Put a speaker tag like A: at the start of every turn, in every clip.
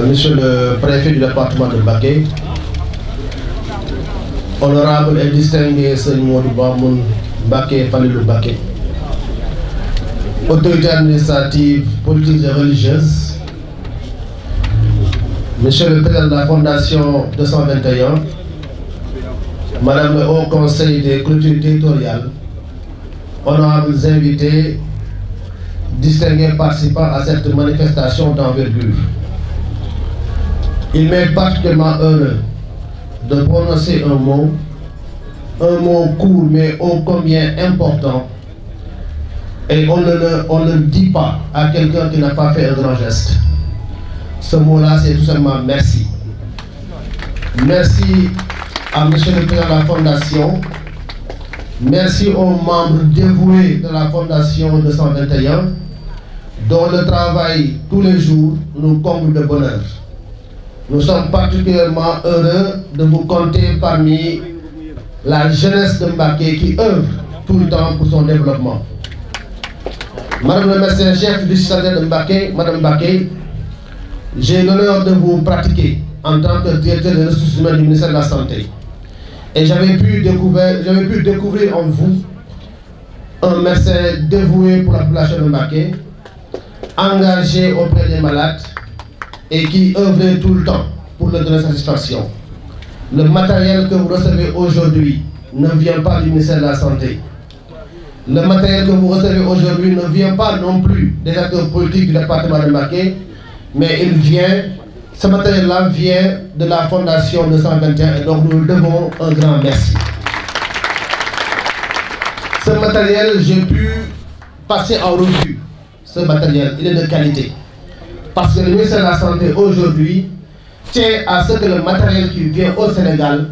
A: Euh, monsieur le préfet du département de Mbacké honorable et distingué Serigne Modou Mamoun Mbacké Falilou Mbacké autorités administratives politiques et religieuses monsieur le président de la fondation 221 madame le haut conseil des cultures territoriales honorables invités distingués à cette manifestation d'envergure Il m'est particulièrement heureux de prononcer un mot, un mot court mais ô combien important. Et on ne, le, on ne le dit pas à quelqu'un qui n'a pas fait un grand geste. Ce mot c'est tout simplement merci. Merci à Monsieur le Président de la Fondation. Merci aux membres dévoués de la Fondation 221, dont le travail tous les jours nous comble de bonheur. Nous sommes particulièrement heureux de vous compter parmi la jeunesse de Mbacké qui œuvre tout le temps pour son développement. Madame le médecin-chef du de Mbacké, j'ai l'honneur de vous pratiquer en tant que directeur des ressources humaines du ministère de la Santé. Et j'avais pu découvrir, en vous un médecin dévoué pour la population de Mbacké, engagé auprès des malades et qui œuvrait tout le temps pour leur satisfaction. Le matériel que vous recevez aujourd'hui ne vient pas du de la Santé. Le matériel que vous recevez aujourd'hui ne vient pas non plus des acteurs politiques du département de Mbacké, mais il vient, ce matériel-là vient de la Fondation 221 et donc nous devons un grand merci. Ce matériel, j'ai pu passer en revue. Ce matériel, il est de qualité. parce que le ministère de la Santé aujourd'hui tient à ce que le matériel qui vient au Sénégal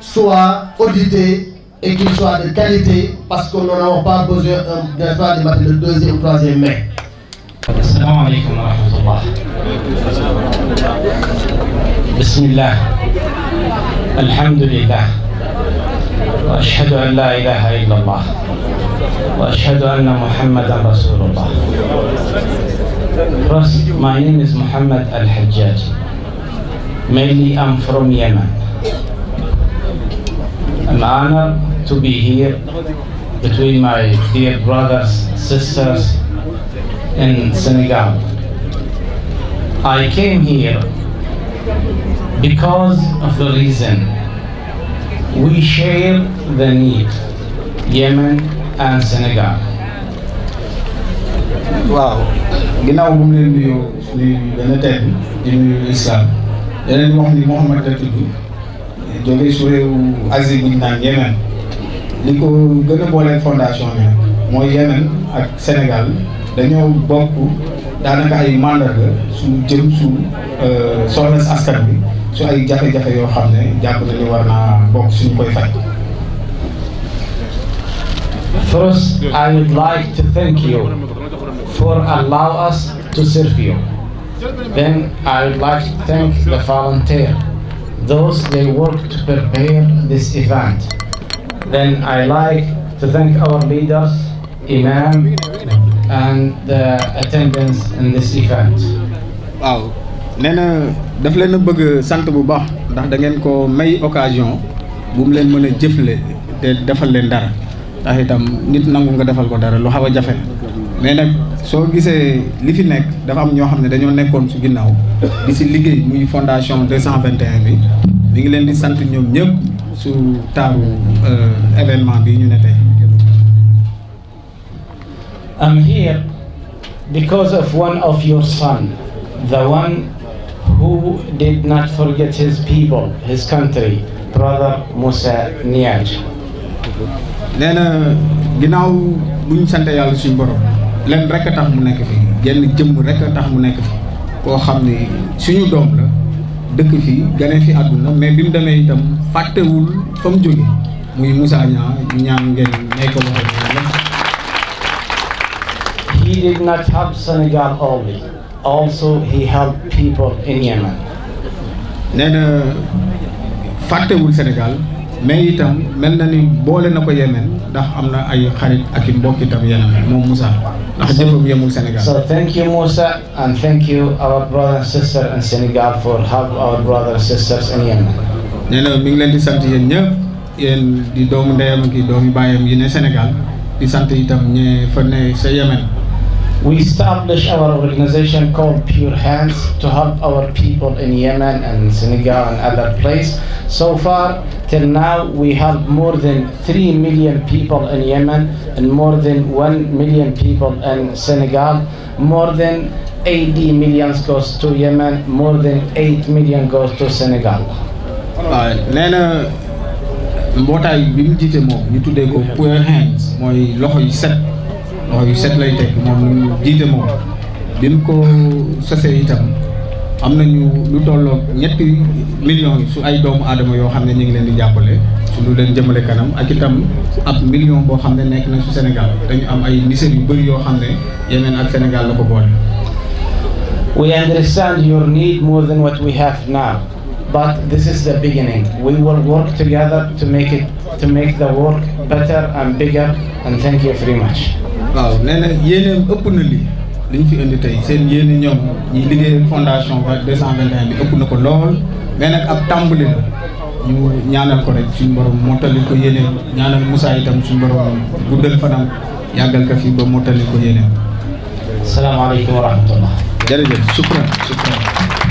A: soit audité et qu'il soit de qualité parce que nous n'avons pas besoin d'un euh, pas de matériel de deuxième ou troisième main. Assalamu alaikum wa rahmatullah. Bismillah. Alhamdulillah.
B: Wa ashhadu an la ilaha illallah. Wa ashhadu anna Muhammadan Rasulullah. First, my name is Muhammad Al Hajjaj. Mainly, I'm from Yemen. An honor to be here between my dear brothers, sisters in Senegal. I came here because of the reason we share the need, Yemen and Senegal
C: waaw ginnaaw bu mu leen nuyoo nuyu benn tey bi di nuyu islam yeneen wax ni Mouhamad la tudd jóge su réewu Asie bu ñu naan Yémen li ko gën moo booleeg fondation bi nag mooy Yémen ak Sénégal dañoo bokk daanaka ay mandarga suñu jëm su euh, soxla si askan bi su ay jafe-jafe yoo xam ne jàpp na ni war bokk suñu koy faj.
B: for allow us to serve you. Then I would like to thank the volunteer, those they worked to prepare this event. Then I like to thank our leaders, Imam,
C: and the attendance in this event. waaw nee na daf leen a bëgg sant bu baax ndax da ngeen ko may occasion bu mu leen mën a jëfle te defal leen dara ndax itam nit nangu nga defal ko dara lu xaw a jafe mais nag soo gisee li fi nekk dafa am ñoo xam ne dañoo nekkoon su ginnaaw di si liggéey muy fondation 221 bi mi ngi leen di sant ñoom ñëpp su taaru euh, événement bi ñu ne tey.
B: I'm here because of one of your son, the one who did not forget his people, his country, brother
C: Moussa Niang. nee ginnaaw buñ ñu sant yàlla suñu borom. lenn rek a tax mu nekk fi jenn jëmm rek a tax mu nekk fi koo xam ne suñu doom la dëkk fi gane fi àdduna mais bi mu demee itam fàttewul fa mu jóge muy Moussa Niang ñaan ngeen may ko waxal
B: He did not help Senegal only. Also he helped
C: people in Yemen. nee na fàttewul Sénégal mais itam mel na ni boole na ko Yemen ndax am na ay xarit ak i mbokk itam Yemen moom Moussa. ndax jëmmam yemul Sénégal. so
B: thank you Moussa and thank you our brother and sister in Senegal for help our brother and sisters in Yemen.
C: nee na ngi leen di sant yéen ñëpp yéen di doomu ndeyam ki doomu baayam yi ne di sant itam ñee fa ne sa Yemen. We established our organization called Pure Hands
B: to help our people in Yemen and Senegal and other places. So far, till now, we help more than 3 million people in Yemen and more than 1 million people in Senegal. More than 80 million goes to Yemen, more than 8 million goes to Senegal.
C: Ah, nee na mbootaay bi mu jiite moom ñu loxo yu set lay teg moom lu mu jiite moom bi mu ko sosee itam am nañu lu tolloo ñetti million yi su ay doomu aadama yoo xam ne ñu ngi leen di jàppale su lu leen jëmale kanam ak itam ab million boo xam ne nekk na su Sénégal dañu am ay misères yu bëri yoo xam ne Yemen ak Sénégal la ko boole. We understand
B: your need more than what we have now. But this is the beginning. We will work together to make it to make the better and bigger and thank you very
C: waaw nee na yéeneem ëpp na lii liñ fi indi tey seen yéene ñoom ñi liggéey fondation deux cent vingt et bi ëpp na ko lool mais nag ab tàmbali la ñu ñaanal ko rek suñu borom mottali ko yéeneem ñaanal Moussa itam suñ borom guddal fanam yàggal ka fii ba mottali ko yéeneem. salaamaaleykum wa rahmatullah. jërëjëf sukran sukran.